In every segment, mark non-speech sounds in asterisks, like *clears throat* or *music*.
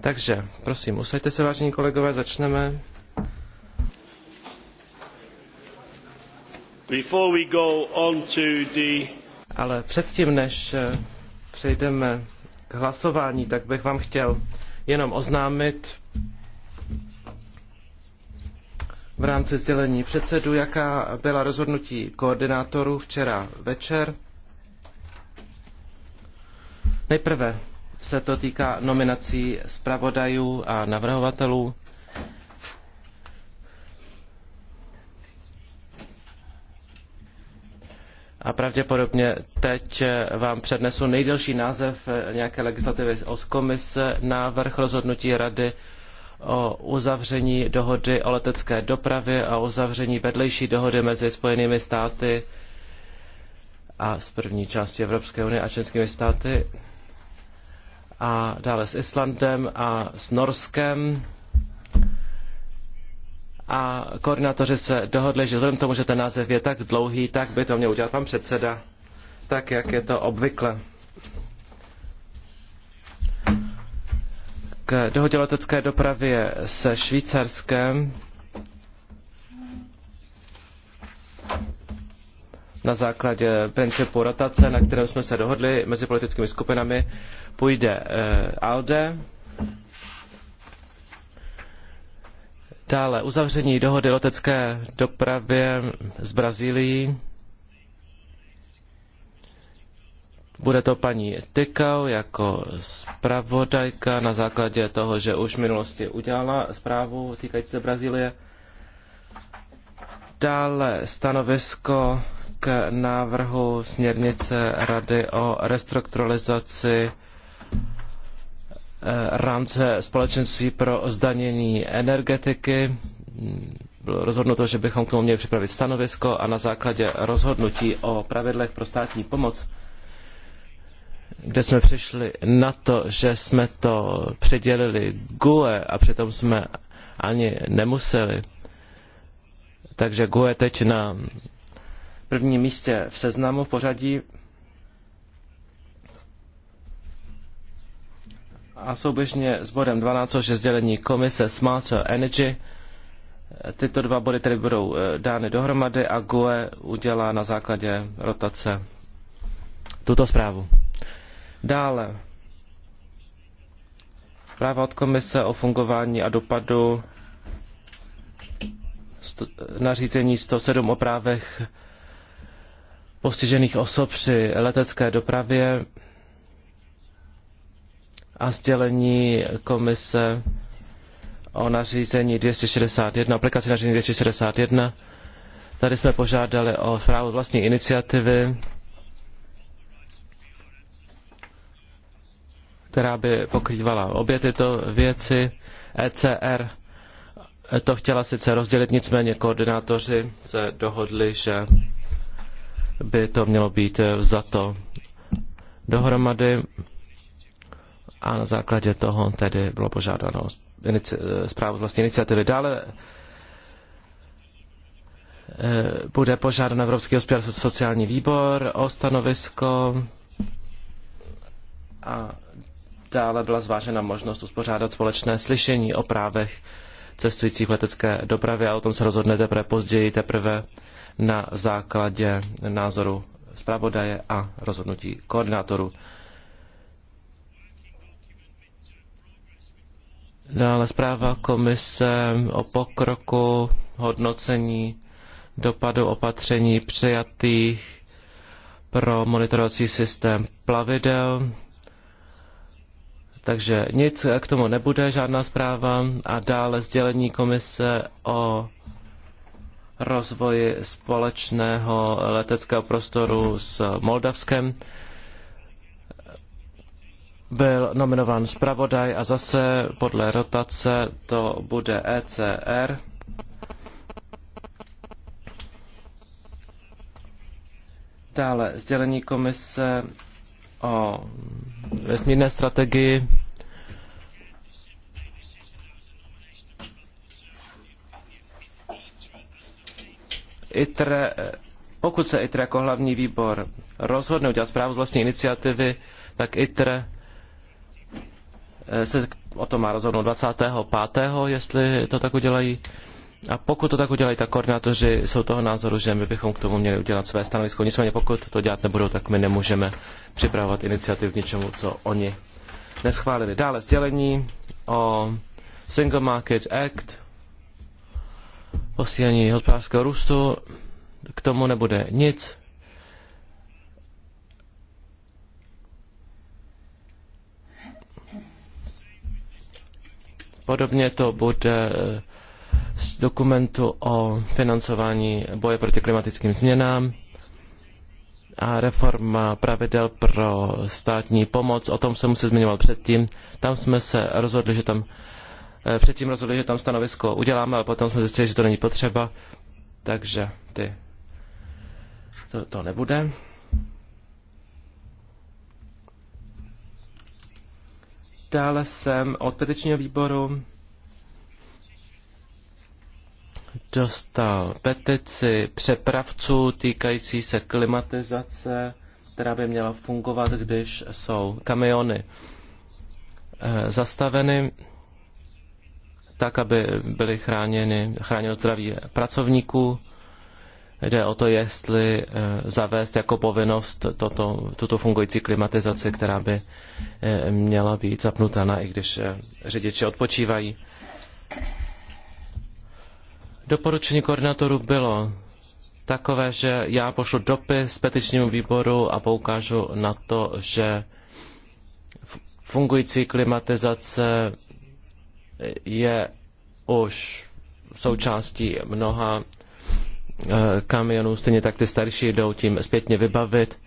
Takže, prosím, usaďte se, vážení kolegové, začneme. Before we go on to the... Ale předtím, než eh, přejdeme k hlasování, tak bych vám chtěl jenom oznámit v rámci sdělení předsedu, jaká byla rozhodnutí koordinátorů včera večer. Nejprve se to týká nominací zpravodajů a navrhovatelů. A pravděpodobně teď vám přednesu nejdelší název nějaké legislativy od komise, návrh rozhodnutí rady o uzavření dohody o letecké dopravě a uzavření vedlejší dohody mezi Spojenými státy a z první části Evropské unie a členskými státy a dále s Islandem a s Norskem. A koordinátoři se dohodli, že vzhledem k tomu, že ten název je tak dlouhý, tak by to měl udělat pan předseda, tak jak je to obvykle. K dohodě letecké dopravě se Švýcarskem na základě principu rotace, na kterém jsme se dohodli mezi politickými skupinami, půjde eh, ALDE. Dále uzavření dohody letecké dopravě s Brazílií. Bude to paní Tykau jako zpravodajka na základě toho, že už v minulosti udělala zprávu týkající se Brazílie. Dále stanovisko návrhu směrnice Rady o restrukturalizaci eh, rámce společenství pro zdanění energetiky. Bylo rozhodnuto, že bychom k tomu měli připravit stanovisko a na základě rozhodnutí o pravidlech pro státní pomoc, kde jsme přišli na to, že jsme to přidělili GUE a přitom jsme ani nemuseli. Takže GUE teď na prvním místě v seznamu v pořadí a souběžně s bodem 12, což je sdělení komise Smarter Energy. Tyto dva body tedy budou eh, dány dohromady a GUE udělá na základě rotace tuto zprávu. Dále zpráva od komise o fungování a dopadu nařízení 107 o právech postižených osob při letecké dopravě a sdělení komise o nařízení 261, aplikaci nařízení 261. Tady jsme požádali o zprávu vlastní iniciativy, která by pokrývala obě tyto věci. ECR to chtěla sice rozdělit, nicméně koordinátoři se dohodli, že by to mělo být vzato eh, dohromady a na základě toho tedy bylo požádáno eh, zprávu vlastní iniciativy. Dále eh, bude požádán Evropský sociální výbor o stanovisko a dále byla zvážena možnost uspořádat společné slyšení o právech cestujících v letecké dopravě a o tom se rozhodne teprve později, teprve na základě názoru zpravodaje a rozhodnutí koordinátorů. Dále zpráva komise o pokroku, hodnocení dopadu opatření přijatých pro monitorovací systém plavidel. Takže nic k tomu nebude, žádná zpráva. A dále sdělení komise o rozvoji společného leteckého prostoru s Moldavskem. Byl nominován zpravodaj a zase podle rotace to bude ECR. Dále sdělení komise o vesmírné strategii ITRE, pokud se ITRE jako hlavní výbor rozhodne udělat zprávu z vlastní iniciativy, tak ITRE eh, se o tom má rozhodnout 25. jestli to tak udělají. A pokud to tak udělají, tak koordinátoři jsou toho názoru, že my bychom k tomu měli udělat své stanovisko. Nicméně pokud to dělat nebudou, tak my nemůžeme připravovat iniciativu k něčemu, co oni neschválili. Dále sdělení o Single Market Act posílení hospodářského růstu, k tomu nebude nic. Podobně to bude eh, z dokumentu o financování boje proti klimatickým změnám a reforma pravidel pro státní pomoc, o tom jsem se zmiňoval předtím. Tam jsme se rozhodli, že tam Eh, předtím rozhodli, že tam stanovisko uděláme, ale potom jsme zjistili, že to není potřeba, takže ty to, to nebude. Dále jsem od petičního výboru dostal petici přepravců týkající se klimatizace, která by měla fungovat, když jsou kamiony eh, zastaveny tak, aby byly chráněny, chráněno zdraví pracovníků. Jde o to, jestli eh, zavést jako povinnost toto, tuto fungující klimatizaci, která by eh, měla být zapnutána, i když eh, řidiči odpočívají. Doporučení koordinátorů bylo takové, že já pošlu dopis petičnímu výboru a poukážu na to, že fungující klimatizace je už součástí mnoha eh, kamionů, stejně tak ty starší jdou tím zpětně vybavit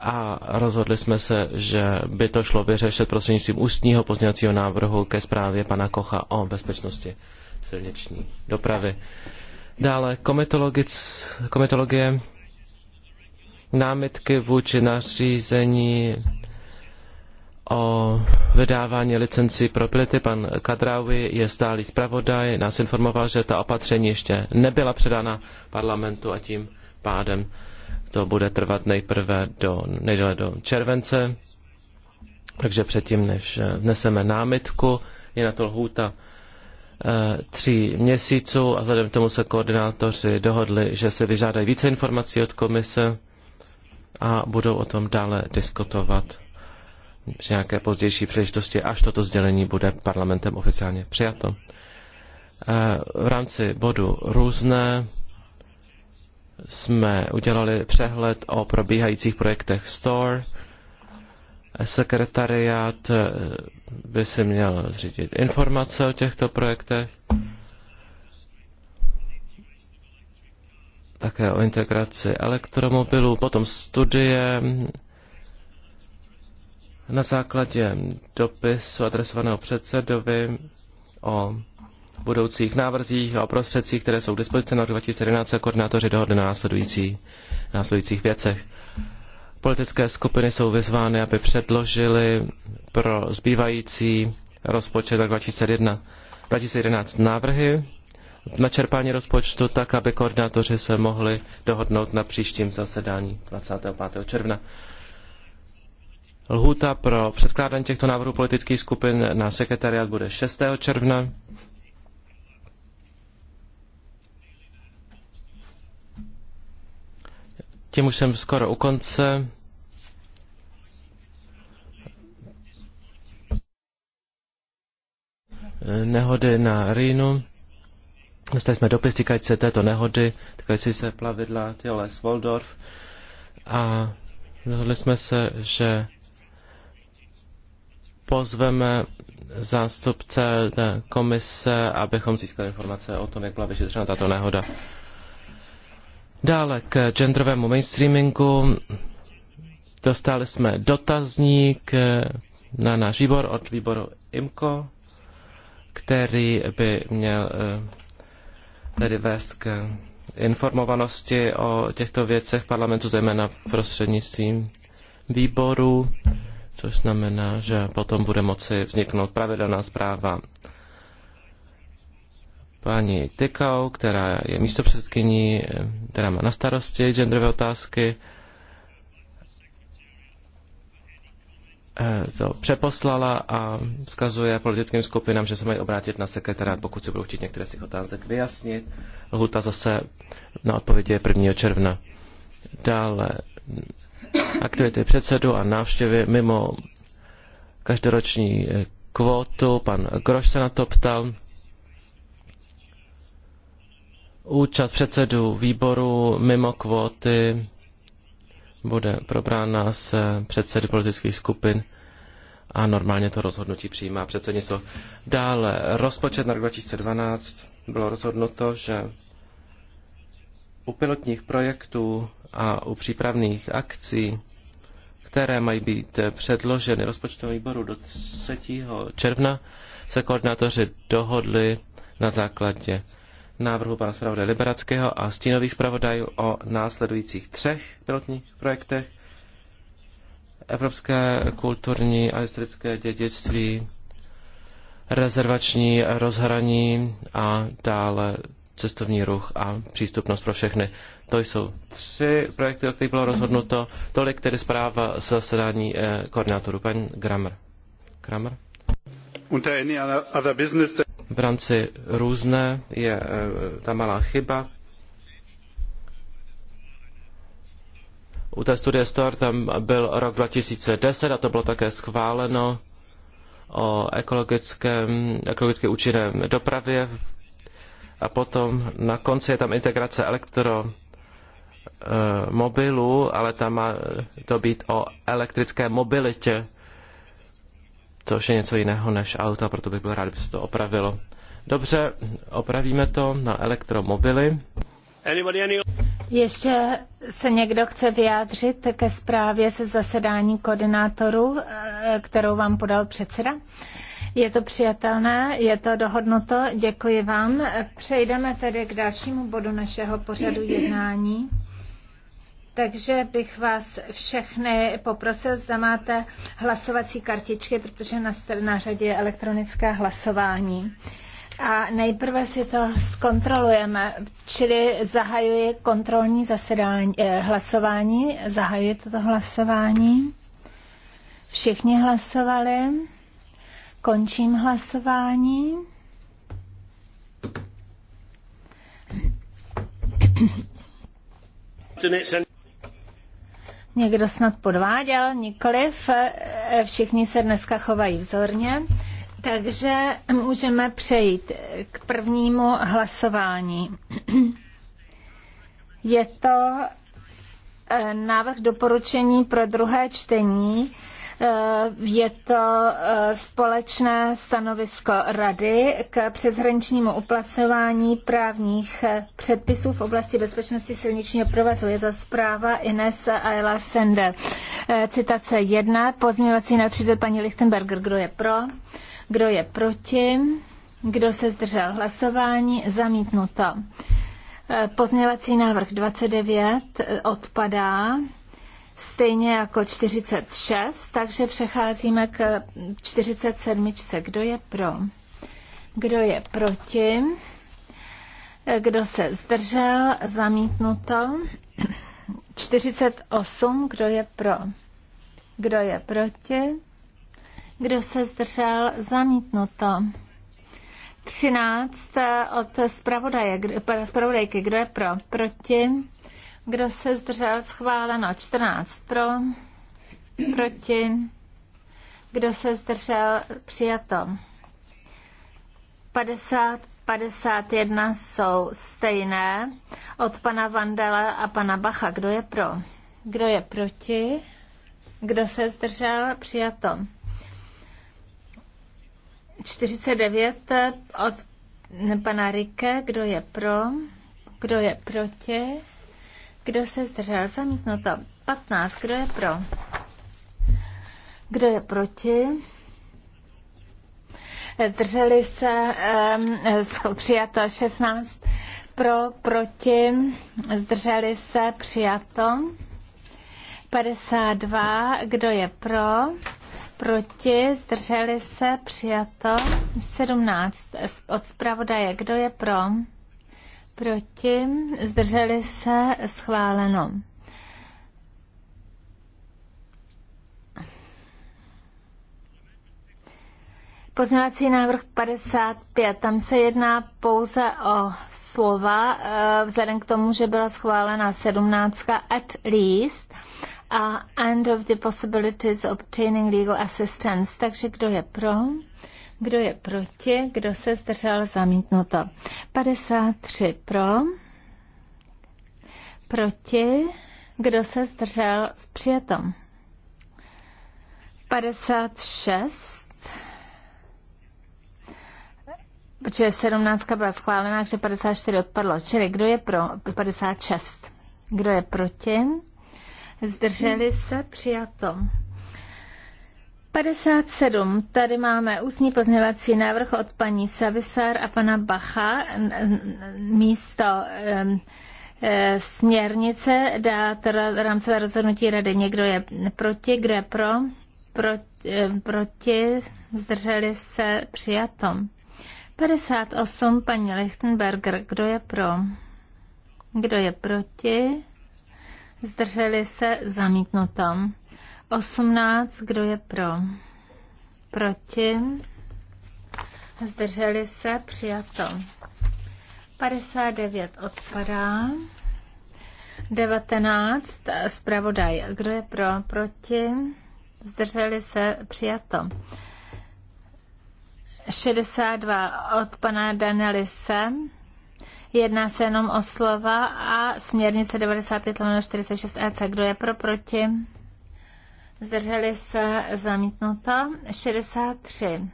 a rozhodli jsme se, že by to šlo vyřešit prostřednictvím ústního pozněvacího návrhu ke zprávě pana Kocha o bezpečnosti silniční dopravy. Dále komitologie, námitky vůči nařízení o vydávání licencí pro pilety. Pan Kadraoui je stálý zpravodaj, nás informoval, že ta opatření ještě nebyla předána parlamentu a tím pádem to bude trvat nejprve do, nejdele do července. Takže předtím, než eh, vneseme námitku, je na to lhůta eh, tří měsíců a vzhledem k tomu se koordinátoři dohodli, že se vyžádají více informací od komise a budou o tom dále diskutovat při nějaké pozdější příležitosti, až toto sdělení bude parlamentem oficiálně přijato. Eh, v rámci bodu různé jsme udělali přehled o probíhajících projektech STORE. Eh, sekretariát eh, by si měl zřídit informace o těchto projektech. Také o integraci elektromobilů, potom studie na základě dopisu adresovaného předsedovi o budoucích návrzích a o prostředcích, které jsou k dispozici na 2011, se koordinátoři dohodli na následující, následujících věcech. Politické skupiny jsou vyzvány, aby předložili pro zbývající rozpočet na 2001, 2011 návrhy na čerpání rozpočtu tak, aby koordinátoři se mohli dohodnout na příštím zasedání 25. června. Lhůta pro předkládání těchto návrhů politických skupin na sekretariat bude 6. června. Tím už jsem skoro u konce. Nehody na Rýnu. Dostali jsme dopis týkající se této nehody, týkající se plavidla Tioles Waldorf a rozhodli jsme se, že pozveme zástupce komise, abychom získali informace o tom, jak byla vyšetřena tato nehoda. Dále k genderovému mainstreamingu. Dostali jsme dotazník na náš výbor od výboru IMCO, který by měl eh, tedy vést k informovanosti o těchto věcech parlamentu, zejména prostřednictvím výboru. výboru což znamená, že potom bude moci vzniknout pravidelná zpráva paní Tykau, která je místopředsedkyní, která má na starosti genderové otázky, eh, to přeposlala a vzkazuje politickým skupinám, že se mají obrátit na sekretariat, pokud si budou chtít některé z těch otázek vyjasnit. Lhuta zase na odpovědi je 1. června. Dále aktivity předsedu a návštěvy mimo každoroční eh, kvótu. Pan Groš se na to ptal. Účast předsedů výboru mimo kvóty bude probrána s předsedy politických skupin a normálně to rozhodnutí přijímá předsednictvo. Dále rozpočet na rok 2012 bylo rozhodnuto, že u pilotních projektů a u přípravných akcí, které mají být předloženy rozpočtovému výboru do 3. června, se koordinátoři dohodli na základě návrhu pana zpravodaje Liberackého a stínových zpravodajů o následujících třech pilotních projektech. Evropské kulturní a historické dědictví, rezervační rozhraní a dále cestovní ruch a přístupnost pro všechny. To jsou tři projekty, o kterých bylo rozhodnuto. Tolik tedy zpráva z zasedání eh, koordinátorů. Pan Kramer. Kramer? V rámci různé je eh, ta malá chyba. U té studie STOR tam byl rok 2010 a to bylo také schváleno o ekologickém, ekologicky účinné dopravě a potom na konci je tam integrace elektro Eh, mobilů, ale tam má to být o elektrické mobilitě, což je něco jiného než auta, proto bych byl rád, kdyby se to opravilo. Dobře, opravíme to na elektromobily. Ještě se někdo chce vyjádřit ke zprávě se zasedání koordinátorů, eh, kterou vám podal předseda? Je to přijatelné, je to dohodnuto, děkuji vám. Přejdeme tedy k dalšímu bodu našeho pořadu jednání. Takže bych vás všechny poprosil, zda máte hlasovací kartičky, protože na, na řadě je elektronické hlasování. A nejprve si to zkontrolujeme, čili zahajuji kontrolní zasedání, eh, hlasování, zahajuji toto hlasování. Všichni hlasovali. Končím hlasování. Někdo snad podváděl, nikoliv. Všichni se dneska chovají vzorně. Takže můžeme přejít k prvnímu hlasování. Je to eh, návrh doporučení pro druhé čtení Eh, je to eh, společné stanovisko Rady k přeshraničnímu uplatňování právních eh, předpisů v oblasti bezpečnosti silničního provozu. Je to zpráva Ines Ayla Sende. Citace 1, pozměňovací na 30 paní Lichtenberger. Kdo je pro? Kdo je proti? Kdo se zdržel hlasování? Zamítnuto. Pozměňovací návrh 29 odpadá stejně jako 46, takže přecházíme k 47. Kdo je pro? Kdo je proti? Kdo se zdržel? Zamítnuto. 48. Kdo je pro? Kdo je proti? Kdo se zdržel? Zamítnuto. 13 eh, od zpravodaje, zpravodajky. Kdo je pro? Proti? Kdo se zdržel? Schváleno. 14 pro. Proti. Kdo se zdržel? Přijato. 50, 51 jsou stejné od pana Vandela a pana Bacha. Kdo je pro? Kdo je proti? Kdo se zdržel? Přijato. 49 od pana Rike. Kdo je pro? Kdo je proti? Kdo se zdržel? Zamítnuto. 15. Kdo je pro? Kdo je proti? Zdrželi se um, přijato 16 pro, proti, zdrželi se přijato 52, kdo je pro, proti, zdrželi se přijato 17 od zpravodaje, kdo je pro. Proti? Zdrželi se? Schváleno. Poznávací návrh 55, tam se jedná pouze o slova, eh, vzhledem k tomu, že byla schválena 17. at least a and of the possibilities of obtaining legal assistance. Takže kdo je pro? Kdo je proti? Kdo se zdržel? Zamítnuto. 53 pro. Proti? Kdo se zdržel? S přijetom. 56 protože 17 byla schválená, takže 54 odpadlo. Čili kdo je pro 56? Kdo je proti? Zdrželi se přijatom. 57. Tady máme ústní pozměvací návrh od paní Savisar a pana Bacha místo um, směrnice dá rámcové rozhodnutí rady. Někdo je proti, kde pro, proti, e, proti zdrželi se přijatom. 58. Paní Lichtenberger, kdo je pro? Kdo je proti? Zdrželi se zamítnutom. 18, kdo je pro? Proti? Zdrželi se, přijato. 59 odpadá. 19, zpravodaj, kdo je pro? Proti? Zdrželi se, přijato. 62 od pana Danelise. Jedná se jenom o slova a směrnice 95 46 EC. Kdo je pro proti? zdrželi se zamítnuto, 63.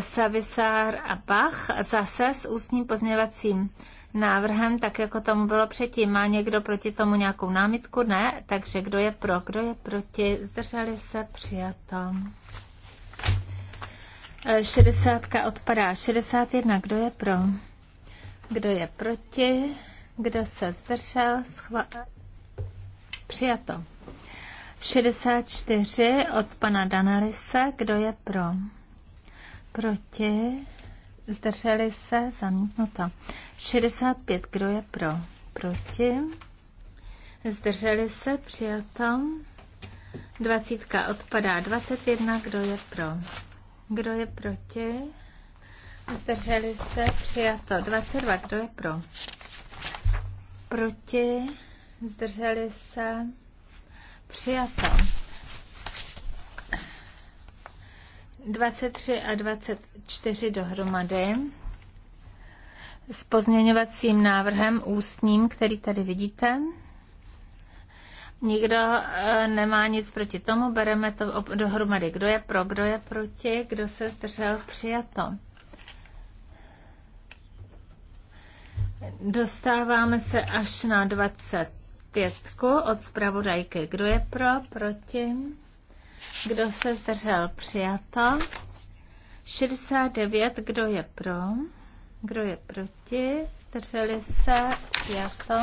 Savisár a Bach zase s ústním pozměvacím návrhem, tak jako tomu bylo předtím. Má někdo proti tomu nějakou námitku? Ne, takže kdo je pro, kdo je proti, zdrželi se, přijato. 60 odpadá. 61, kdo je pro? Kdo je proti? Kdo se zdržel? Schva- přijato. 64 od pana Danalisa. Kdo je pro? Proti? Zdrželi se? Zamítnuto. 65. Kdo je pro? Proti? Zdrželi se? Přijato. 20 odpadá. 21. Kdo je pro? Kdo je proti? Zdrželi se? Přijato. 22. Kdo je pro? Proti? Zdrželi se? Přijato. 23 a 24 dohromady s pozměňovacím návrhem ústním, který tady vidíte. Nikdo eh, nemá nic proti tomu, bereme to dohromady. Kdo je pro, kdo je proti, kdo se zdržel, přijato. Dostáváme se až na 20 pětku od zpravodajky. Kdo je pro, proti? Kdo se zdržel? Přijato. 69. Kdo je pro? Kdo je proti? Zdrželi se? Přijato.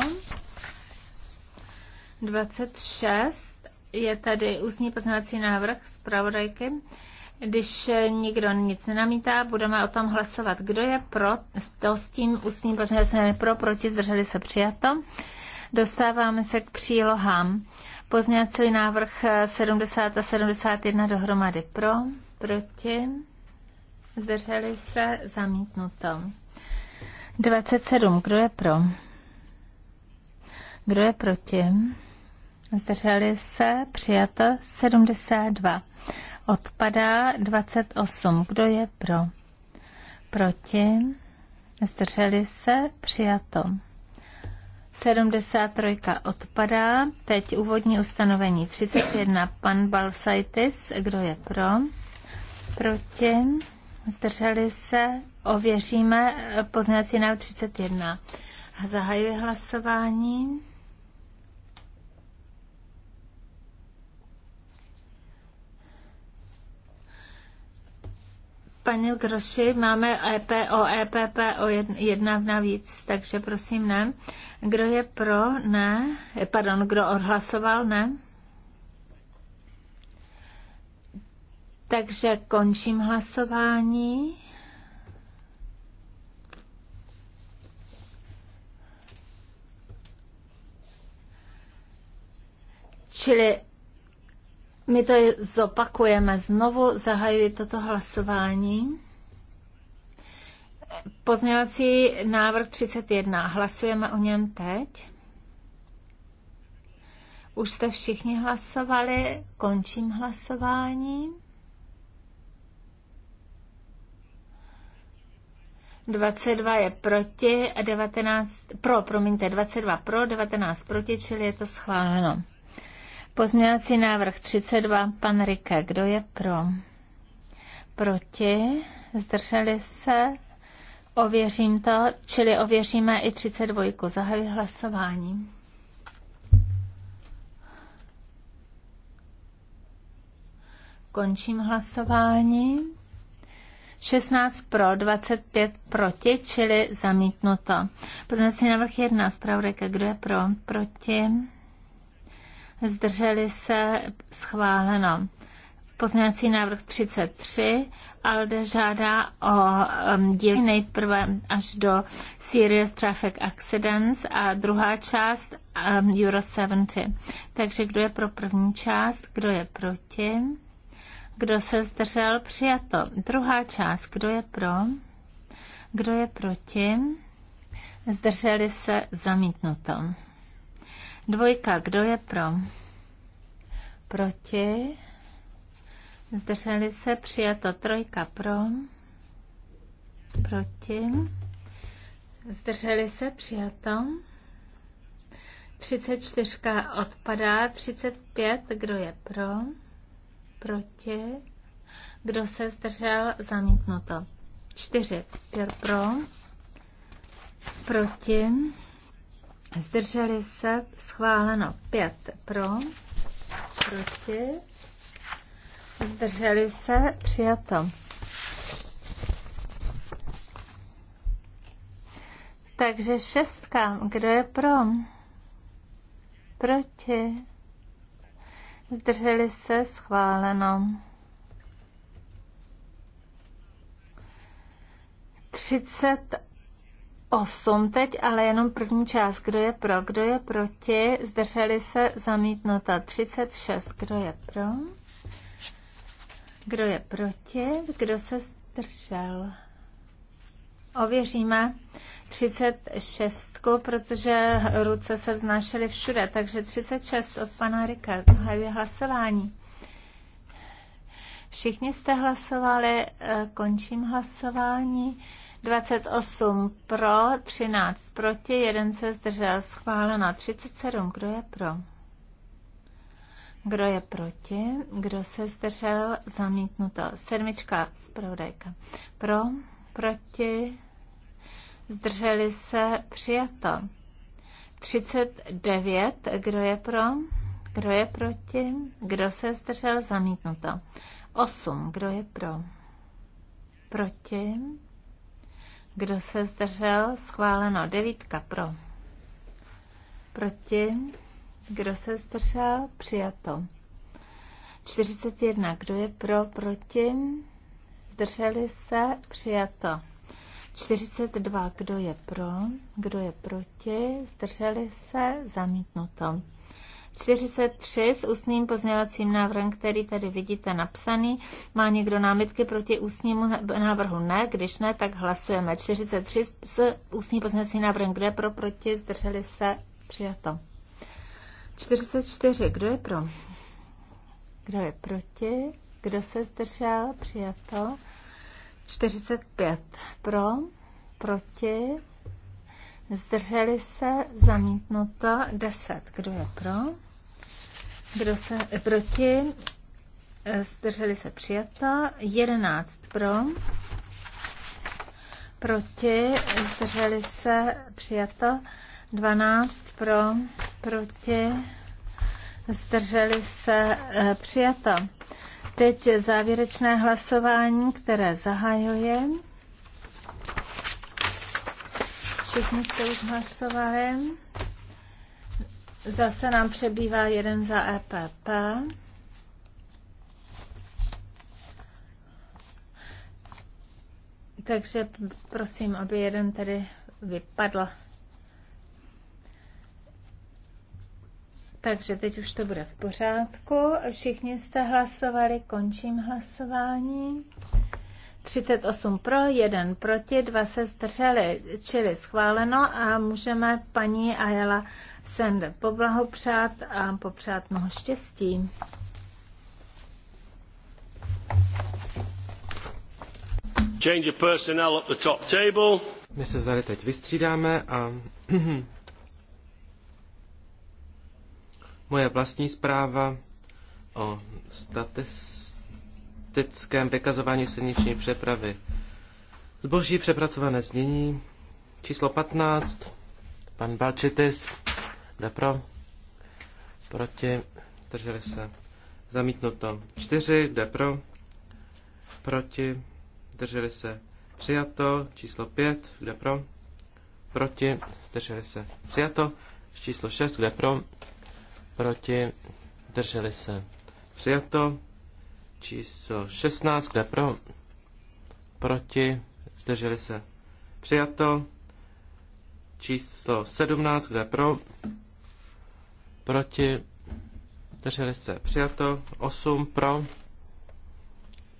26. Je tady ústní poznávací návrh zpravodajky. Když nikdo nic nenamítá, budeme o tom hlasovat. Kdo je pro? To s tím ústním poznávací pro, proti, zdrželi se přijato. Dostáváme se k přílohám. Pozněcí návrh 70 a 71 dohromady pro, proti, zdrželi se, zamítnuto. 27. Kdo je pro? Kdo je proti? Zdrželi se, přijato 72. Odpadá 28. Kdo je pro? Proti? Zdrželi se, přijato. 73 odpadá. Teď úvodní ustanovení 31. Pan Balsaitis, kdo je pro? Proti? Zdrželi se? Ověříme pozměňovací návrh 31. Zahajuji hlasování. paní Groši, máme EPO, EPP o e jedna navíc, takže prosím ne. Kdo je pro? Ne. Pardon, kdo odhlasoval? Ne. Takže končím hlasování. Čili my to zopakujeme. Znovu zahajuji toto hlasování. Pozměňovací návrh 31. Hlasujeme o něm teď. Už jste všichni hlasovali. Končím hlasování. 22 je proti a 19, pro, promiňte, 22 pro, 19 proti, čili je to schváleno. Pozměňovací návrh 32, pan Rike, kdo je pro? Proti? Zdrželi se? Ověřím to, čili ověříme i 32. Zahajuji hlasování. Končím hlasování. 16 pro, 25 proti, čili zamítnuto. si návrh 1, zpravodajka, kdo je pro, proti? zdrželi se, schváleno. Pozměňovací návrh 33. ALDE žádá o um, díl nejprve až do Serious Traffic Accidents a druhá část um, Euro 70. Takže kdo je pro první část, kdo je proti, kdo se zdržel, přijato. Druhá část, kdo je pro, kdo je proti, zdrželi se, zamítnuto. Dvojka, kdo je pro? Proti? Zdrželi se, přijato trojka pro, proti, zdrželi se, přijato. 34 odpadá, 35, kdo je pro, proti, kdo se zdržel, zamítnuto. 4 pro, proti, Zdrželi se schváleno 5 pro, proti. Zdrželi se přijato. Takže šestka, kdo je pro? Proti. Zdrželi se schváleno. Třicet 8 teď, ale jenom první část. Kdo je pro, kdo je proti? Zdrželi se zamítnota 36. Kdo je pro? Kdo je proti? Kdo se zdržel? Ověříme 36, protože ruce se vznášely všude, takže 36 od pana Rika. je hlasování. Všichni jste hlasovali, e, končím hlasování. 28 pro, 13 proti, 1 se zdržel, schváleno. 37, kdo je pro? Kdo je proti? Kdo se zdržel? Zamítnuto. Sedmička, zpravodajka. Pro, proti, zdrželi se, přijato. 39, kdo je pro? Kdo je proti? Kdo se zdržel? Zamítnuto. 8, kdo je pro? Proti kdo se zdržel? Schváleno. Devítka pro. Proti. Kdo se zdržel? Přijato. 41. Kdo je pro? Proti. Zdrželi se? Přijato. 42. Kdo je pro? Kdo je proti? Zdrželi se? Zamítnuto. 43 s ústním pozměňovacím návrhem, který tady vidíte napsaný. Má někdo námitky proti ústnímu návrhu? Ne. Když ne, tak hlasujeme. 43 s ústním pozměňovacím návrhem. Kde pro, proti, zdrželi se, přijato. 44. Kdo je pro? Kdo je proti? Kdo se zdržel? Přijato. 45. Pro? Proti? Zdrželi se? Zamítnuto. 10. Kdo je pro? Kdo se proti? Eh, zdrželi se přijata. 11 pro. Proti. Zdrželi se přijata. 12 pro. Proti. Zdrželi se eh, přijata. Teď závěrečné hlasování, které zahajuje. Všichni jste už hlasovali. Zase nám přebývá jeden za EPP. Takže prosím, aby jeden tedy vypadl. Takže teď už to bude v pořádku. Všichni jste hlasovali, končím hlasování. 38 pro, 1 proti, 2 se zdrželi, čili schváleno a můžeme paní Ayala Sende poblahopřát a popřát mnoho štěstí. Change of personnel up the top table. My se tady teď vystřídáme a *clears throat* moje vlastní zpráva o statis automatickém vykazování silniční přepravy. Zboží přepracované znění. Číslo 15. Pan Balčitis. Jde pro. Proti. Drželi se. Zamítnuto. 4. Jde pro. Proti. Drželi se. Přijato. Číslo 5. Jde pro. Proti. Drželi se. Přijato. Číslo 6. Jde pro. Proti. Drželi se. Přijato. Číslo 16, kde pro? Proti, zdrželi se. Přijato. Číslo 17, kde pro? Proti, zdrželi se. Přijato. 8 pro.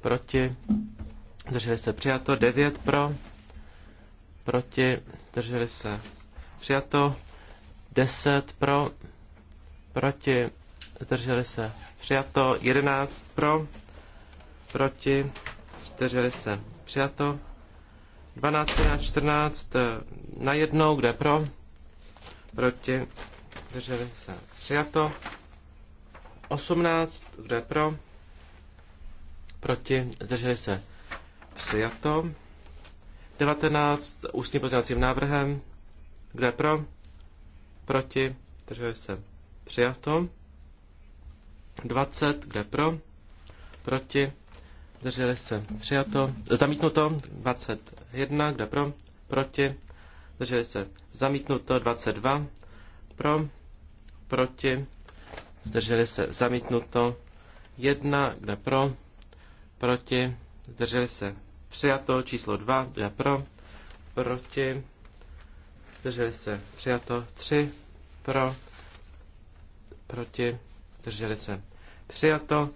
Proti, zdrželi se. Přijato. 9 pro. Proti, zdrželi se. Přijato. 10 pro. Proti, zdrželi se. Přijato 11 pro, proti, zdrželi se přijato. 12 a 14 na jednou, kde pro, proti, drželi se přijato. 18, kde pro, proti, drželi se přijato. 19 ústním pozměňovacím návrhem, kde pro, proti, drželi se přijato. 20, kde pro, proti, Zdrželi se. Přijato. Zamítnuto. 21. Kdo pro? Proti. Zdrželi se. Zamítnuto. 22. Pro. Proti. Zdrželi se. Zamítnuto. 1. Kdo pro? Proti. Zdrželi se. Přijato. Číslo 2. Kdo pro? Proti. Zdrželi se. Přijato. 3. Pro. Proti. Zdrželi se. Přijato.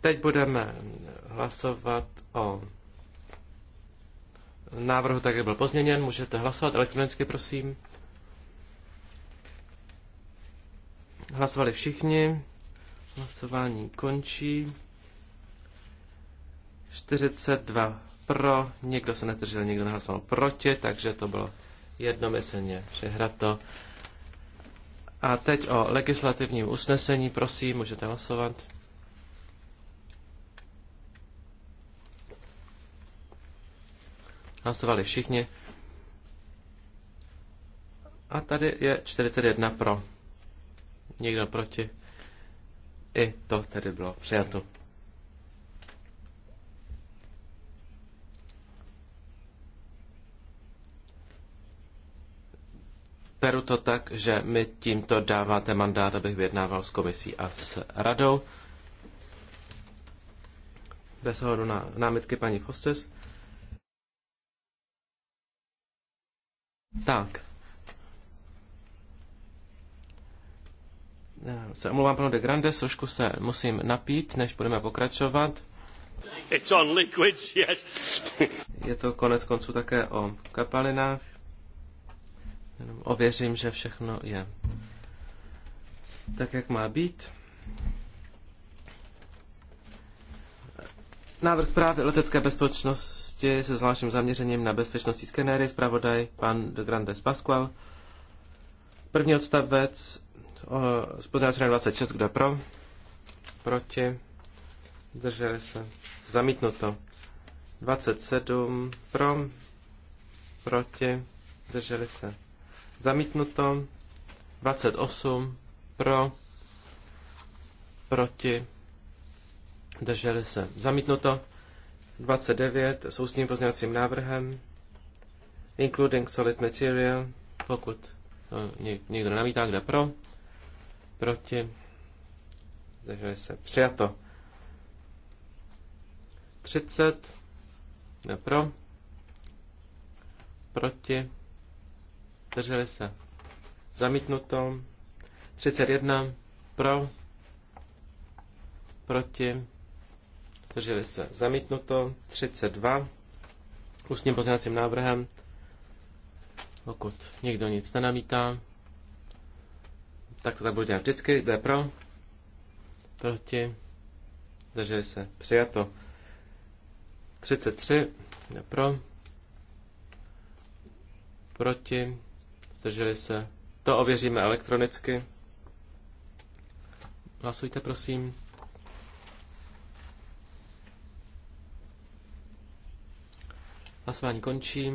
Teď budeme hlasovat o návrhu, tak jak byl pozměněn. Můžete hlasovat elektronicky, prosím. Hlasovali všichni. Hlasování končí. 42 pro, Nikdo se netržil, nikdo nehlasoval proti, takže to bylo jednomyslně přehrato. A teď o legislativním usnesení, prosím, můžete hlasovat. Hlasovali všichni. A tady je 41 pro. Nikdo proti. I to tedy bylo přijato. Peru to tak, že mi tímto dáváte mandát, abych vyjednával s komisí a s radou. Bez ohledu na námitky paní Fostes. Tak. Já se omlouvám panu de Grandes, trošku se musím napít, než budeme pokračovat. It's on liquids, yes. Je to konec konců také o kapalinách. Jenom ověřím, že všechno je tak, jak má být. Návrh zprávy letecké bezpečnosti činnosti se zvláštním zaměřením na bezpečnostní skenéry, zpravodaj pan de Grandes Pasqual. První odstavec, eh, poznávací 26, kdo je pro, proti, drželi se, zamítnuto. 27 pro, proti, drželi se, zamítnuto. 28 pro, proti, drželi se. Zamítnuto 29 s ústním pozměňovacím návrhem, including solid material, pokud to no, někdo namítá, kde pro, proti, zdrželi se, přijato. 30, kde pro, proti, zdrželi se, zamítnuto. 31, pro, proti, zdrželi se zamítnuto, 32 ústním pozměňovacím návrhem, pokud někdo nic nenamítá, tak to tak budu dělat vždycky, jde pro, proti, zdrželi se, přijato, 33, jde pro, proti, zdrželi se, to ověříme elektronicky, hlasujte prosím. Hlasování končí.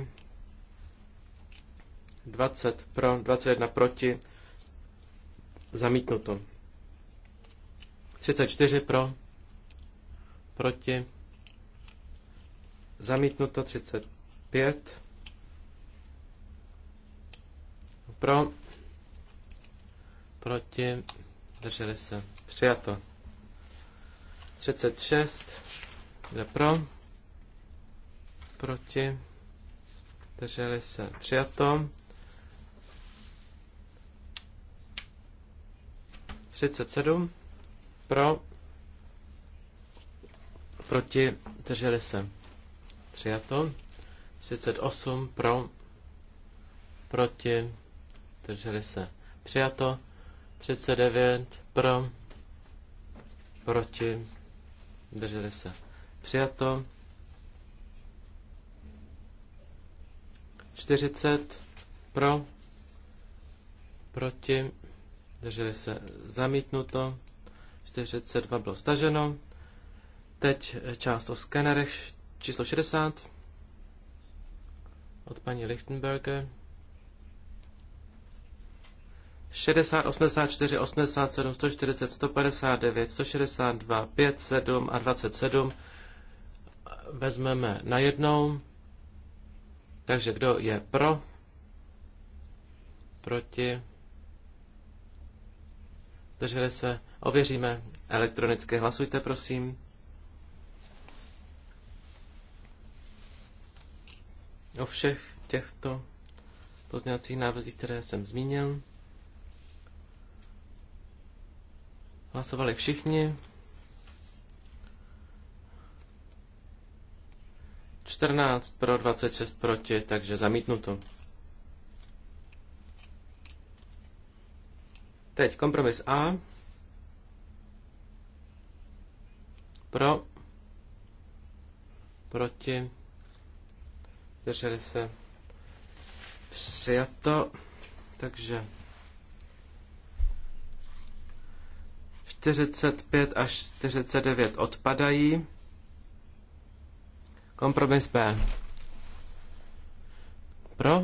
20 pro, 21 proti. Zamítnuto. 34 pro, proti. Zamítnuto 35. Pro, proti, drželi se. Přijato. 36, pro, proti, drželi se přijato. 37 pro, proti, drželi se přijato. 38 pro, proti, drželi se přijato. 39 pro, proti, drželi se přijato. 40 pro, proti, drželi se zamítnuto, 42 bylo staženo. Teď část o skenerech číslo 60 od paní Lichtenberger. 60, 84, 87, 140, 159, 162, 5, 7 a 27 vezmeme najednou. Takže kdo je pro? Proti? Drželi se? Ověříme. Elektronicky hlasujte, prosím. O všech těchto pozměňovacích návrzích, které jsem zmínil. Hlasovali všichni. 14 pro, 26 proti, takže zamítnuto. Teď kompromis A. Pro. Proti. Drželi se. Přijato. Takže 45 až 49 odpadají. Kompromis B. Pro.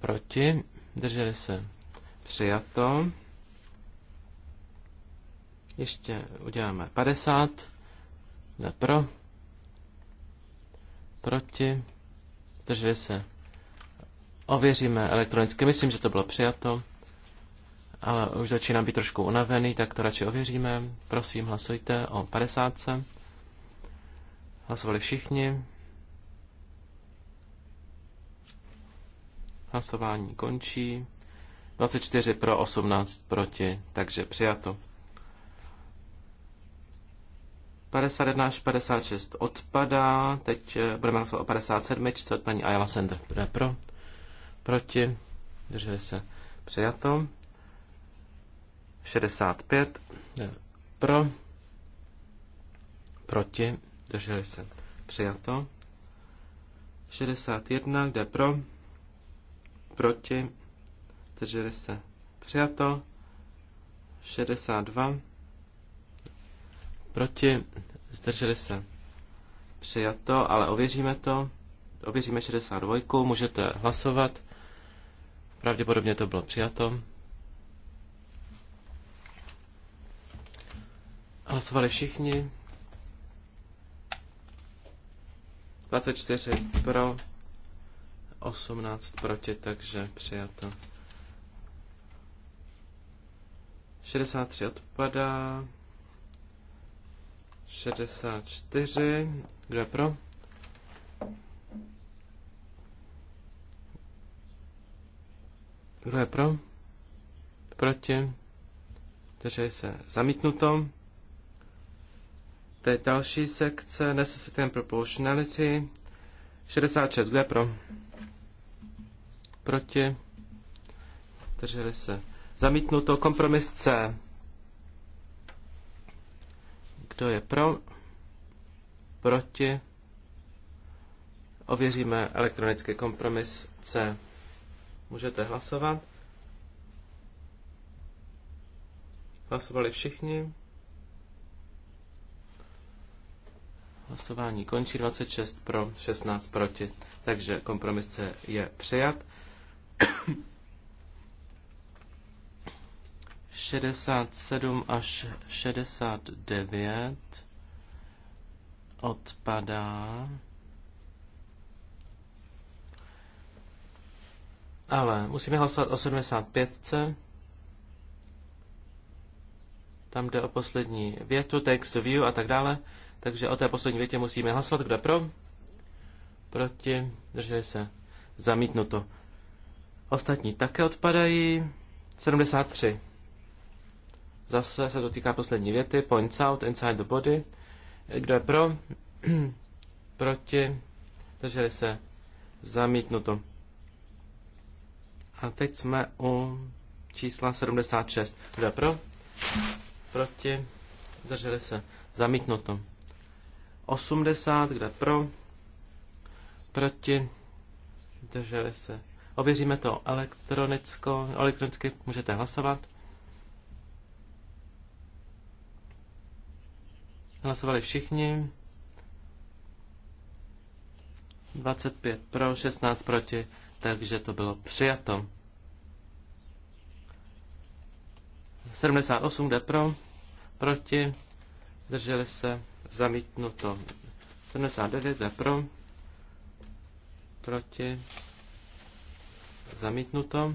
Proti. Drželi se. Přijato. Ještě uděláme 50. Ne pro. Proti. Drželi se. Ověříme elektronicky. Myslím, že to bylo přijato. Ale už začínám být trošku unavený, tak to radši ověříme. Prosím, hlasujte o 50. Hlasovali všichni. Hlasování končí. 24 pro, 18 proti, takže přijato. 51 až 56 odpadá, teď eh, budeme hlasovat o 57, od paní Ayala Sender. Bude pro, proti, drželi se přijato. 65 eh, pro, proti, Zdrželi se. Přijato. 61, kde pro? Proti. Zdrželi se. Přijato. 62. Proti. Zdrželi se. Přijato, ale ověříme to. Ověříme 62. Můžete hlasovat. Pravděpodobně to bylo přijato. Hlasovali všichni. 24 pro, 18 proti, takže přijato. 63 odpadá. 64. Kdo je pro? Kdo je pro? Proti? Takže se. Zamítnuto. Teď další sekce, Necessity and Proportionality, 66, kde pro? Proti? Drželi se. Zamítnuto, kompromis C. Kdo je pro? Proti? Ověříme elektronický kompromis C. Můžete hlasovat. Hlasovali všichni. Hlasování končí 26 pro, 16 proti. Takže kompromis C je přijat. 67 až 69 odpadá. Ale musíme hlasovat o 75. Tam jde o poslední větu, text, view a tak dále. Takže o té poslední větě musíme hlasovat. Kdo pro? Proti? Drželi se? Zamítnuto. Ostatní také odpadají. 73. Zase se dotýká poslední věty. Points out, inside the body. Kdo je pro? *clears throat* Proti? Drželi se? Zamítnuto. A teď jsme u čísla 76. Kdo je pro? Proti? Drželi se? Zamítnuto. 80, kde pro, proti, drželi se. Ověříme to elektronicko, elektronicky můžete hlasovat. Hlasovali všichni. 25 pro, 16 proti, takže to bylo přijato. 78 jde pro, proti, drželi se zamítnuto. 79 je pro, proti, zamítnuto.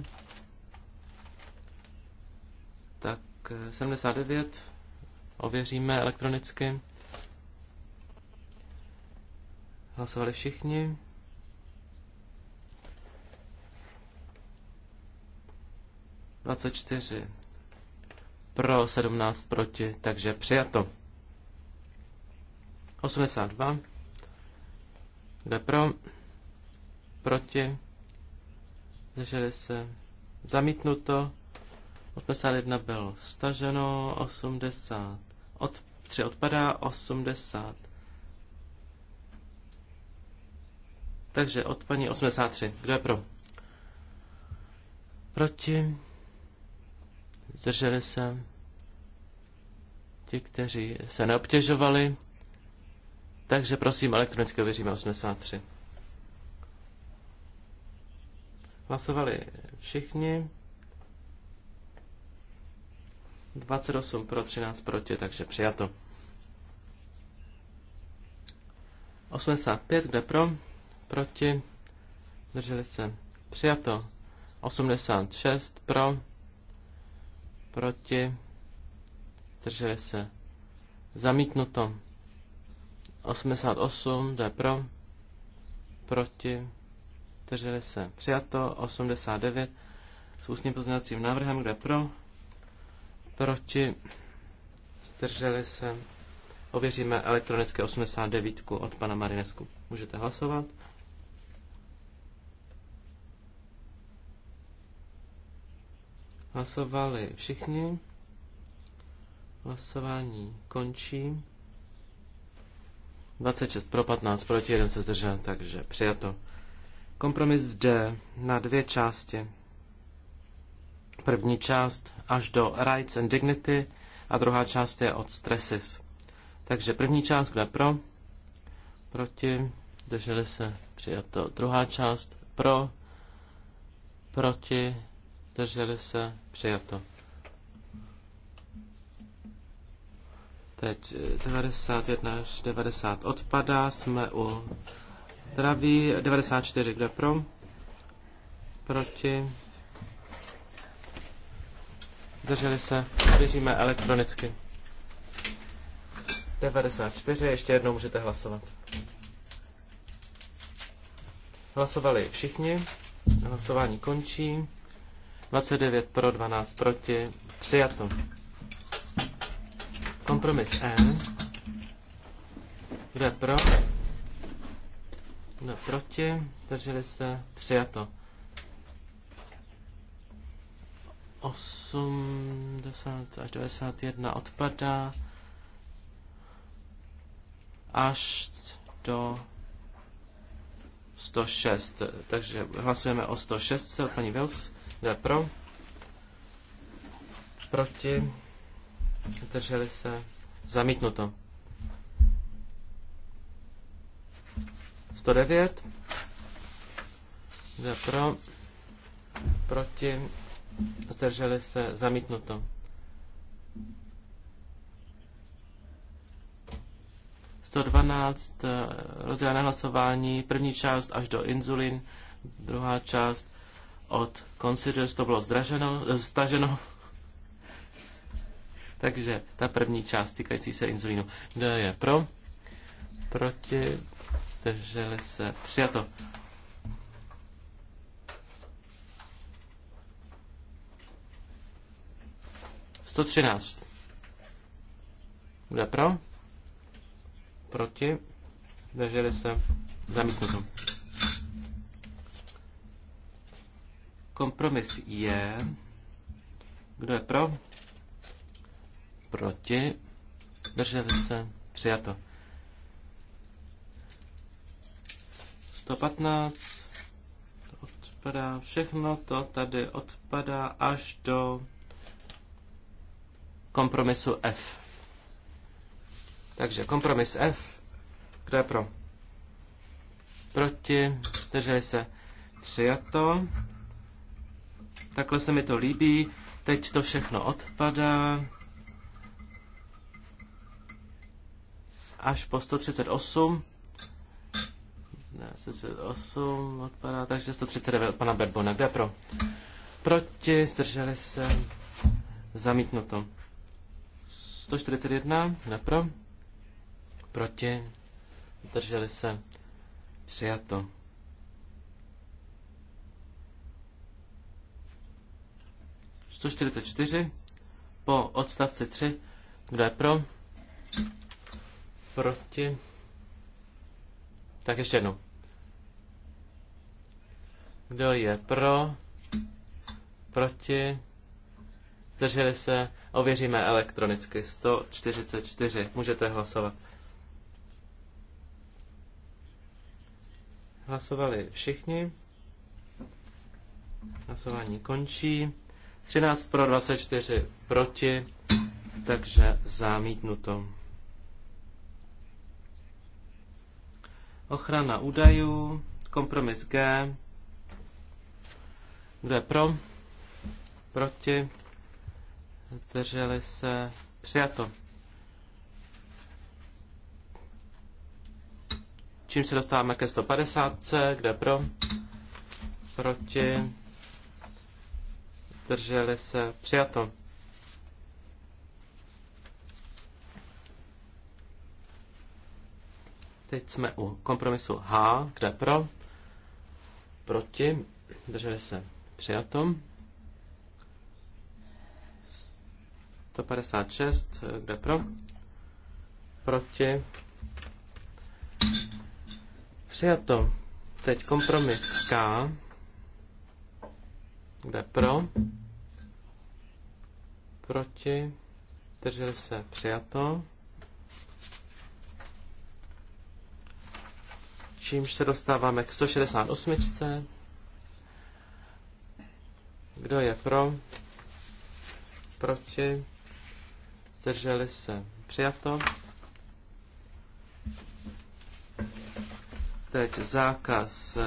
Tak 79 eh, ověříme elektronicky. Hlasovali všichni. Dvacet čtyři pro, sedmnáct proti, takže přijato. 82. jde pro? Proti? Zdrželi se. Zamítnuto. 81 bylo staženo. 80. Od, 3 odpadá. 80. Takže od paní 83. Kdo je pro? Proti? Zdrželi se. Ti, kteří se neobtěžovali. Takže prosím, elektronicky věříme 83. Hlasovali všichni. 28 pro, 13 proti, takže přijato. 85, kde pro, proti, drželi se, přijato. 86 pro, proti, drželi se, zamítnuto. 88, to je pro, proti, drželi se přijato, 89 s ústním pozměňovacím návrhem, kde pro, proti, zdrželi se, ověříme elektronické 89 od pana Marinesku. Můžete hlasovat. Hlasovali všichni. Hlasování končí. 26 pro 15 proti, jeden se zdržel, takže přijato. Kompromis D na dvě části. První část až do Rights and Dignity a druhá část je od Stresses. Takže první část kde pro, proti, drželi se, přijato. Druhá část pro, proti, drželi se, přijato. Teď 91 eh, až 90 odpadá, jsme u zdraví, 94 kde pro, proti, drželi se, věříme elektronicky. 94, ještě jednou můžete hlasovat. Hlasovali všichni, hlasování končí. 29 pro, 12 proti, přijato. Kompromis E. Kdo je pro? Kdo je proti? Drželi se? Přijato. 80 až 91 odpadá až do 106. Takže hlasujeme o 106. Paní Wills, kdo je pro? Proti? Zdrželi se. Zamítnuto. 109. za pro? Proti? Zdrželi se. Zamítnuto. 112. Eh, rozdělené hlasování. První část až do inzulin. Druhá část od Considers. To bylo zdraženo, eh, staženo. Takže ta první část týkající se inzulínu. Kdo je pro? Proti? Drželi se? Přijato. Sto třináct. Kdo je pro? Proti? Drželi se? Zamítnuto. Kompromis je... Kdo je pro? proti, drželi se, přijato. 115, to odpadá, všechno to tady odpadá až do kompromisu F. Takže kompromis F, kdo je pro? Proti, drželi se, přijato. Takhle se mi to líbí. Teď to všechno odpadá. až po 138. Ne, 138 pana, takže 139 od pana Berbona. Kde pro? Proti, zdrželi se, zamítnuto. 141, kde pro? Proti, zdrželi se, přijato. Sto čtyři po odstavci tři, kdo je pro? Proti? Tak ještě jednou. Kdo je pro? Proti? Zdrželi se? Ověříme elektronicky. 144. Můžete hlasovat. Hlasovali všichni. Hlasování končí. 13 pro 24 proti, takže zamítnuto. Ochrana údajů, kompromis G. Kdo je pro? Proti? Zdrželi se? Přijato. Čím se dostáváme ke 150, kde pro? Proti? Zdrželi se? Přijato. Teď jsme u kompromisu H, kde pro, proti, drželi se přijato. 156, kde pro, proti, přijato. Teď kompromis K, kde pro, proti, drželi se přijato. Čímž se dostáváme k 168. Kdo je pro? Proti? Zdrželi se. Přijato. Teď zákaz eh,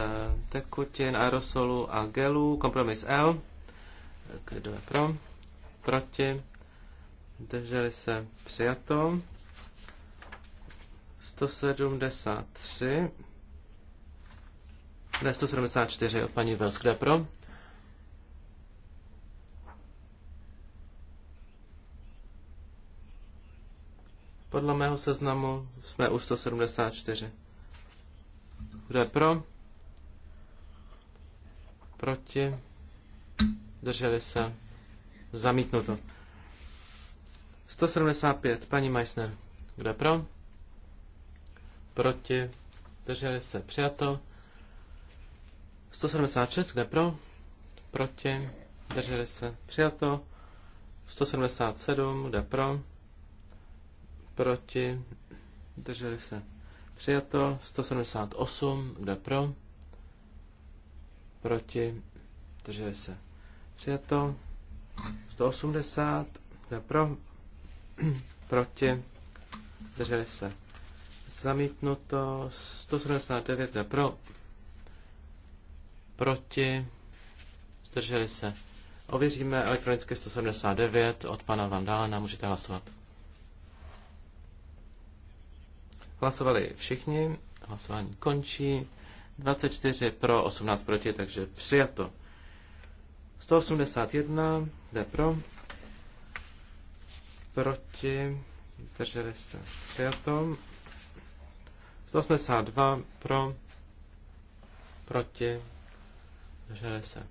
tekutin, aerosolu a gelů. Kompromis L. Kdo je pro? Proti? Zdrželi se. Přijato. 173. Ne 174 od paní Vels, kde pro? Podle mého seznamu jsme u 174. Kdo je pro? Proti? Drželi se? Zamítnuto. 175. Paní Meissner. Kdo je pro? Proti? Drželi se? Přijato. 176, kde pro? Proti. Drželi se. Přijato. 177, kde pro? Proti. Drželi se. Přijato. 178, kde pro? Proti. Drželi se. Přijato. 180, kde pro? *clears throat* Proti. Drželi se. Zamítnuto. 179, kde pro? proti, zdrželi se. Ověříme elektronicky 179 od pana Vandálena, můžete hlasovat. Hlasovali všichni, hlasování končí. 24 pro, 18 proti, takže přijato. 181 jde pro, proti, drželi se přijato. 182 pro, proti, Zdrželi se.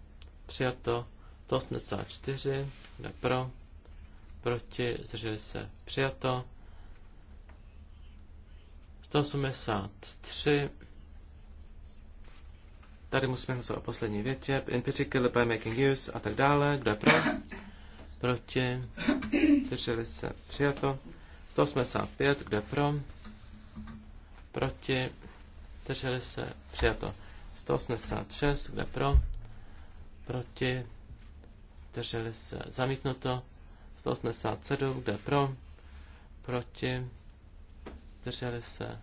Přijato. 184. Kde pro? Proti. Zdrželi se. Přijato. 183. Tady musíme hlasovat o poslední větě. In particular by making use a tak dále. kde pro? Proti. Zdrželi se. Přijato. 185. kde pro? Proti. Zdrželi se. Přijato. 186, kde pro, proti, drželi se zamítnuto, 187, kde pro, proti, drželi se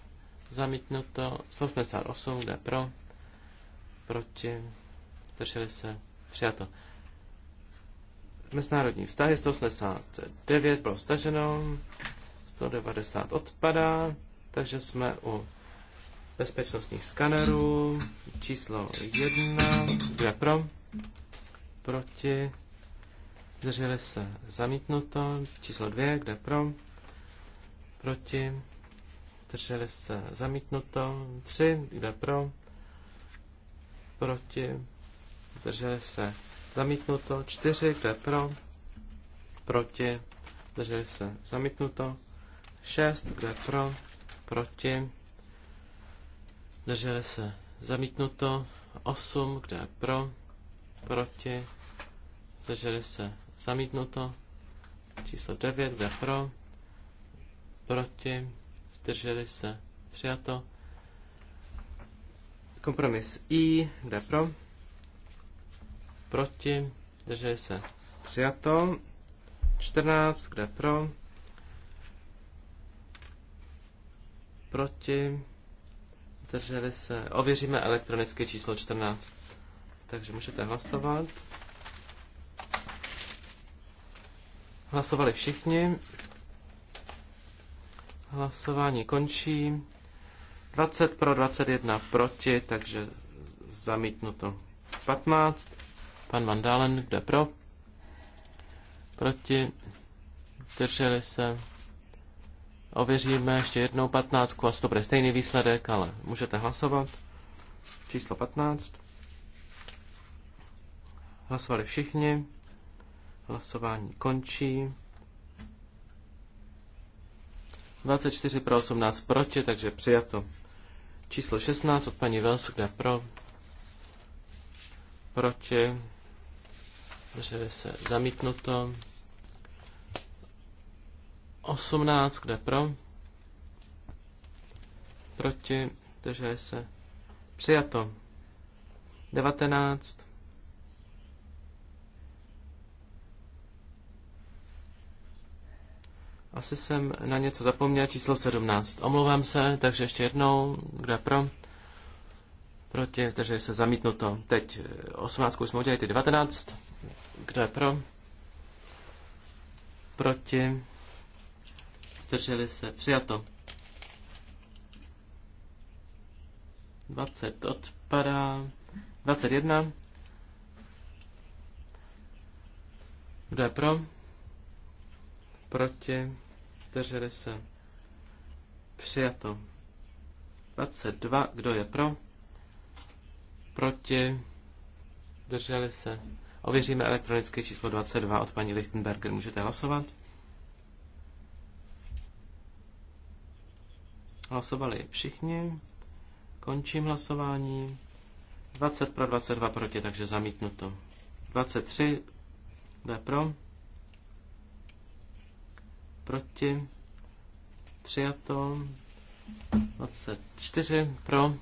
zamítnuto, 188, kde pro, proti, drželi se přijato. Mezinárodní vztahy 189 bylo staženo, 190 odpadá, takže jsme u bezpečnostních skanerů. Číslo jedna. Kdo pro? Proti? Zdrželi se zamítnuto. Číslo dvě. Kdo pro? Proti? Zdrželi se zamítnuto. Tři. Kdo pro? Proti? Zdrželi se zamítnuto. Čtyři. Kdo pro? Proti? Zdrželi se zamítnuto. Šest. Kdo pro? Proti? zdrželi se zamítnuto. 8, kde je pro, proti. zdrželi se zamítnuto. Číslo 9, kde je pro, proti. Zdrželi se přijato. Kompromis I, kde je pro, proti. zdrželi se přijato. 14, kde je pro, proti Zdrželi se. Ověříme elektronické číslo 14. Takže můžete hlasovat. Hlasovali všichni. Hlasování končí. 20 pro 21 proti, takže zamítnuto. 15. Pan Vandalen, kde pro? Proti. Drželi se. Ověříme ještě jednou 15 a to bude stejný výsledek, ale můžete hlasovat. Číslo 15. Hlasovali všichni. Hlasování končí. 24 pro 18 proti, takže přijato. Číslo 16 od paní Vels, kde pro, proti, Takže se zamítnuto. 18, kde pro? Proti, drželi se. Přijato. 19. Asi jsem na něco zapomněl, číslo 17. Omlouvám se, takže ještě jednou, kde pro? Proti, zdrželi se zamítnuto. Teď 18 eh, jsme udělali, ty 19. Kde pro? Proti zdrželi se, přijato. 20 odpadá, 21. Kdo je pro? Proti, zdrželi se, přijato. 22, kdo je pro? Proti, zdrželi se. Ověříme elektronické číslo 22 od paní Lichtenberger. Můžete hlasovat. Hlasovali všichni. Končím hlasování. 20 pro, 22 proti, takže zamítnuto. 23 jde pro. Proti. Přijato. 24 pro.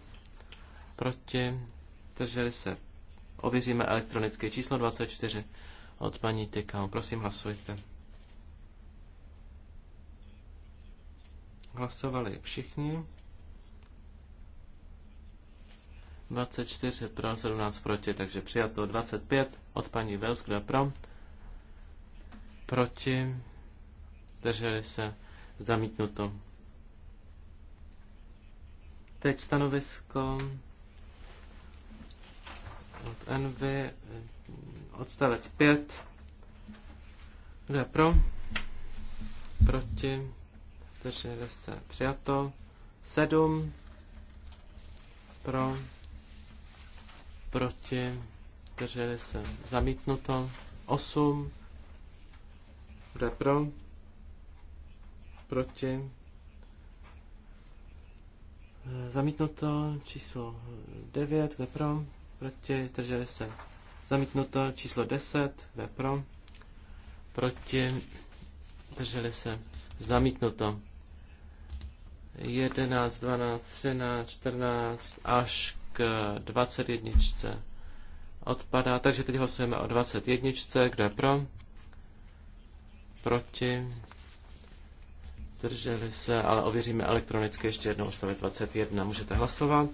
Proti. Drželi se. Ověříme elektronické číslo 24 od paní Tykal. Prosím, hlasujte. Hlasovali všichni. 24 pro, 17 proti, takže přijato 25 od paní Wells, kdo je pro. Proti, drželi se, zamítnuto. Teď stanovisko od NV odstavec 5. Kdo je pro? Proti? 4, 10, přijato. 7 pro, proti, drželi se, zamítnuto. 8, kdo pro, proti, zamítnuto. Číslo 9, kdo pro, proti, drželi se, zamítnuto. Číslo 10, kdo pro, proti, drželi se, zamítnuto. 11, 12, 13, 14 až k 21 odpadá. Takže teď hlasujeme o 21. Kdo je pro? Proti? Drželi se, ale ověříme elektronicky ještě jednou stavit 21. Můžete hlasovat.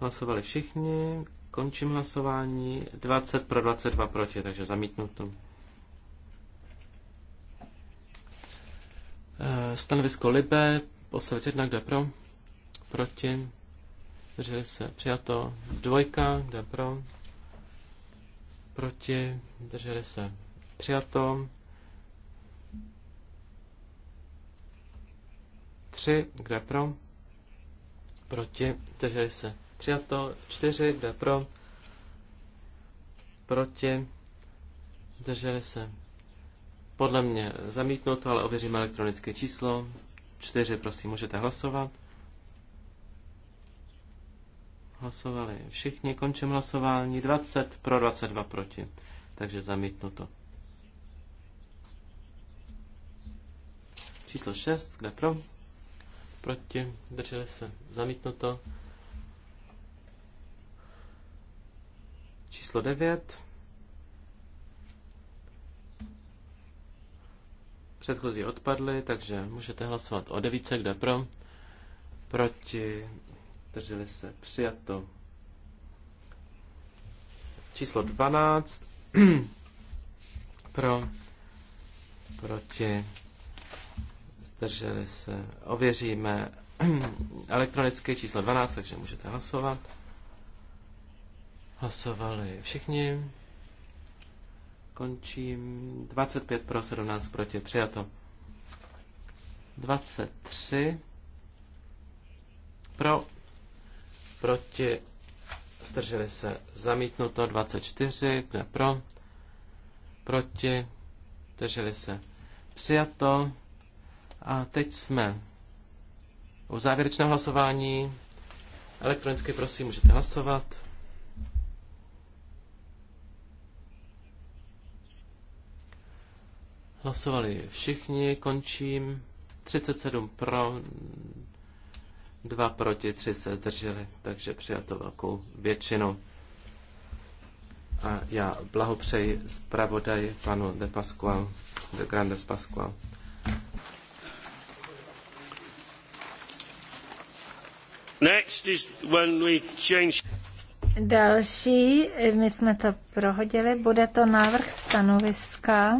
Hlasovali všichni. Končím hlasování. 20 pro 22 proti, takže zamítnuto. to. Eh, stanovisko Libe, odstavec 1, kdo je pro? Proti? drželi se. Přijato. Dvojka, kdo je pro? Proti? drželi se. Přijato. Tři, kdo je pro? Proti? drželi se. Přijato. Čtyři, kdo je pro? Proti? drželi se. Podle mě zamítnuto, ale ověříme elektronické číslo. čtyři prosím, můžete hlasovat. Hlasovali všichni, končím hlasování. 20 pro, 22 proti. Takže zamítnuto. Číslo 6, kde pro? Proti, drželi se, zamítnuto. Číslo 9, Předchozí odpadly, takže můžete hlasovat o devíce, kde pro. Proti. Drželi se. Přijato. Číslo 12. *clears throat* pro. Proti. Zdrželi se. Ověříme *clears throat* elektronické číslo 12, takže můžete hlasovat. Hlasovali všichni. Končím 25 pro 17 proti. Přijato. 23 pro, proti, zdrželi se zamítnuto 24, kde pro, proti, zdrželi se přijato. A teď jsme u závěrečného hlasování. Elektronicky prosím, můžete hlasovat. Hlasovali všichni, končím. 37 pro, 2 proti, 3 se zdrželi, takže přijato velkou většinou. A já blahopřeji zpravodaji panu de Pasqual, de Grandes Pasqual. Next is when we change... Další, my jsme to prohodili, bude to návrh stanoviska.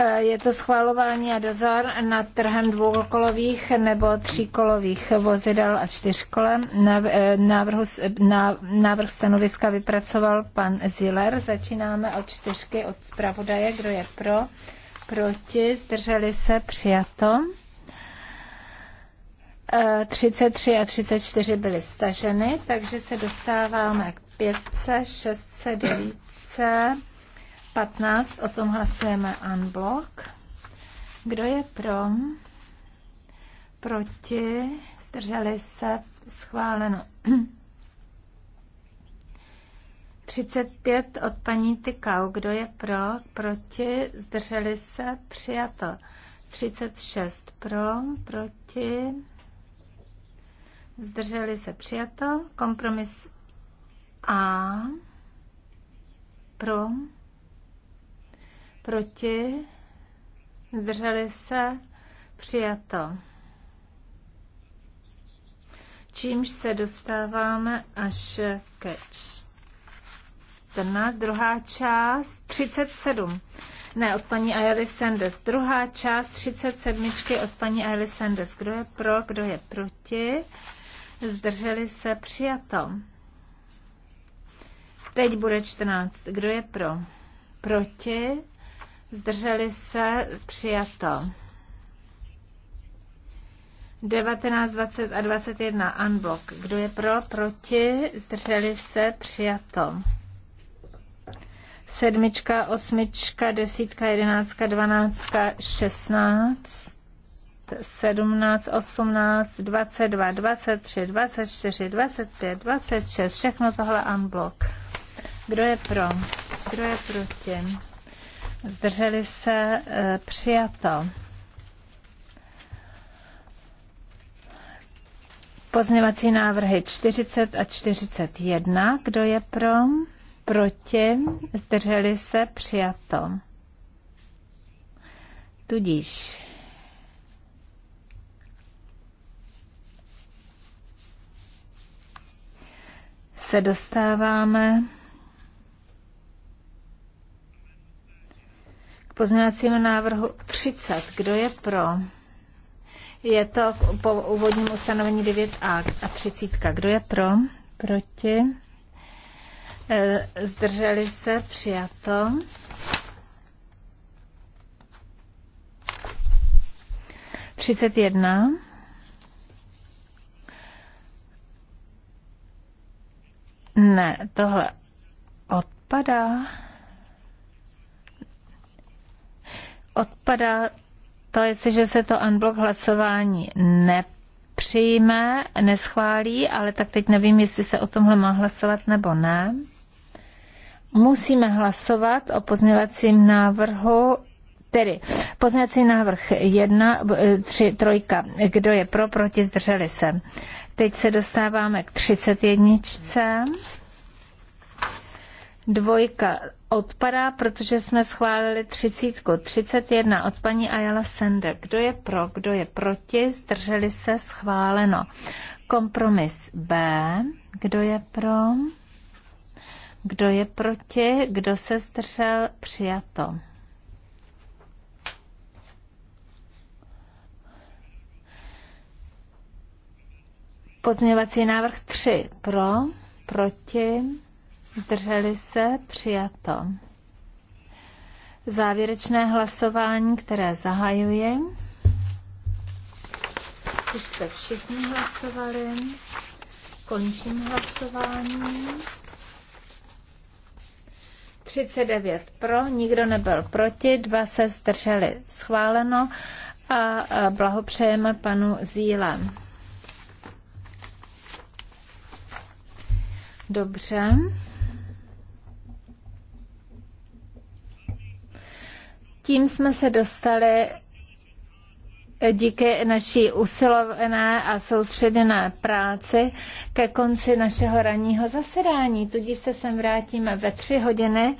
Eh, je to schvalování a dozor nad trhem dvoukolových nebo tříkolových vozidel a čtyřkolem. Eh, návrhu, návrh stanoviska vypracoval pan Ziller. Začínáme od čtyřky, od zpravodaje. Kdo je pro? Proti? Zdrželi se? Přijato. 33 eh, a 34 byly staženy, takže se dostáváme k 5, 6, 9 15, o tom hlasujeme unblock. Kdo je pro? Proti? Zdrželi se? Schváleno. 35 *clears throat* od paní Tykau. Kdo je pro? Proti? Zdrželi se? Přijato. 36 pro? Proti? Zdrželi se? Přijato. Kompromis A. Pro? proti, zdrželi se, přijato. Čímž se dostáváme až ke 14, druhá část, 37. Ne, od paní Ayali Sanders. Druhá část 37 od paní Ayali Sanders. Kdo je pro, kdo je proti? Zdrželi se přijato. Teď bude 14. Kdo je pro? Proti? zdrželi se, přijato. 19, 20 a 21 unblock. Kdo je pro, proti, zdrželi se, přijato. Sedmička, osmička, desítka, jedenáctka, dvanáctka, šestnáct, sedmnáct, osmnáct, dvacet dva, dvacet tři, dvacet čtyři, dvacet pět, dvacet šest. Všechno tohle unblock. Kdo je pro? Kdo je proti? zdrželi se, e, přijato. Pozněvací návrhy 40 a 41. Kdo je pro? Proti? Zdrželi se? Přijato. Tudíž se dostáváme pozměňovacímu návrhu 30. Kdo je pro? Je to po úvodním ustanovení 9a a 30. Kdo je pro? Proti? E, zdrželi se? Přijato. Třicet jedna. Ne, tohle odpadá. odpadá to, jestliže se to unblock hlasování nepřijme, neschválí, ale tak teď nevím, jestli se o tomhle má hlasovat nebo ne. Musíme hlasovat o pozměvacím návrhu Tedy pozměvací návrh 1, 3, 3, kdo je pro, proti, zdrželi se. Teď se dostáváme k 31. Dvojka odpadá, protože jsme schválili třicítku. 31 od paní Ayala Sender. Kdo je pro, kdo je proti, zdrželi se, schváleno. Kompromis B. Kdo je pro? Kdo je proti? Kdo se zdržel? Přijato. Pozměňovací návrh 3. Pro, proti, zdrželi se, přijato. Závěrečné hlasování, které zahajuje. Už jste všichni hlasovali. Končím hlasování. 39 pro, nikdo nebyl proti, dva se zdrželi schváleno a blahopřejeme panu Zíle. Dobře. tím jsme se dostali díky naší usilovné a soustředěné práci ke konci našeho ranního zasedání. Tudíž se sem vrátíme ve tři hodiny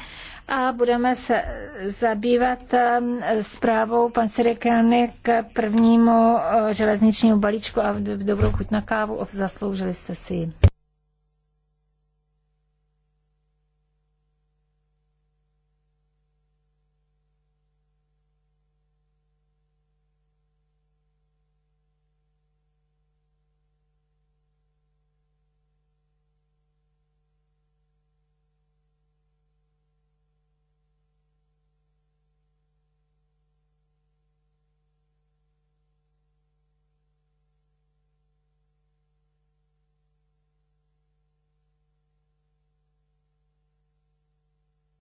a budeme se zabývat um, zprávou pan Sirikány k prvnímu uh, železničnímu balíčku a dobrou chuť na kávu. Zasloužili jste si ji.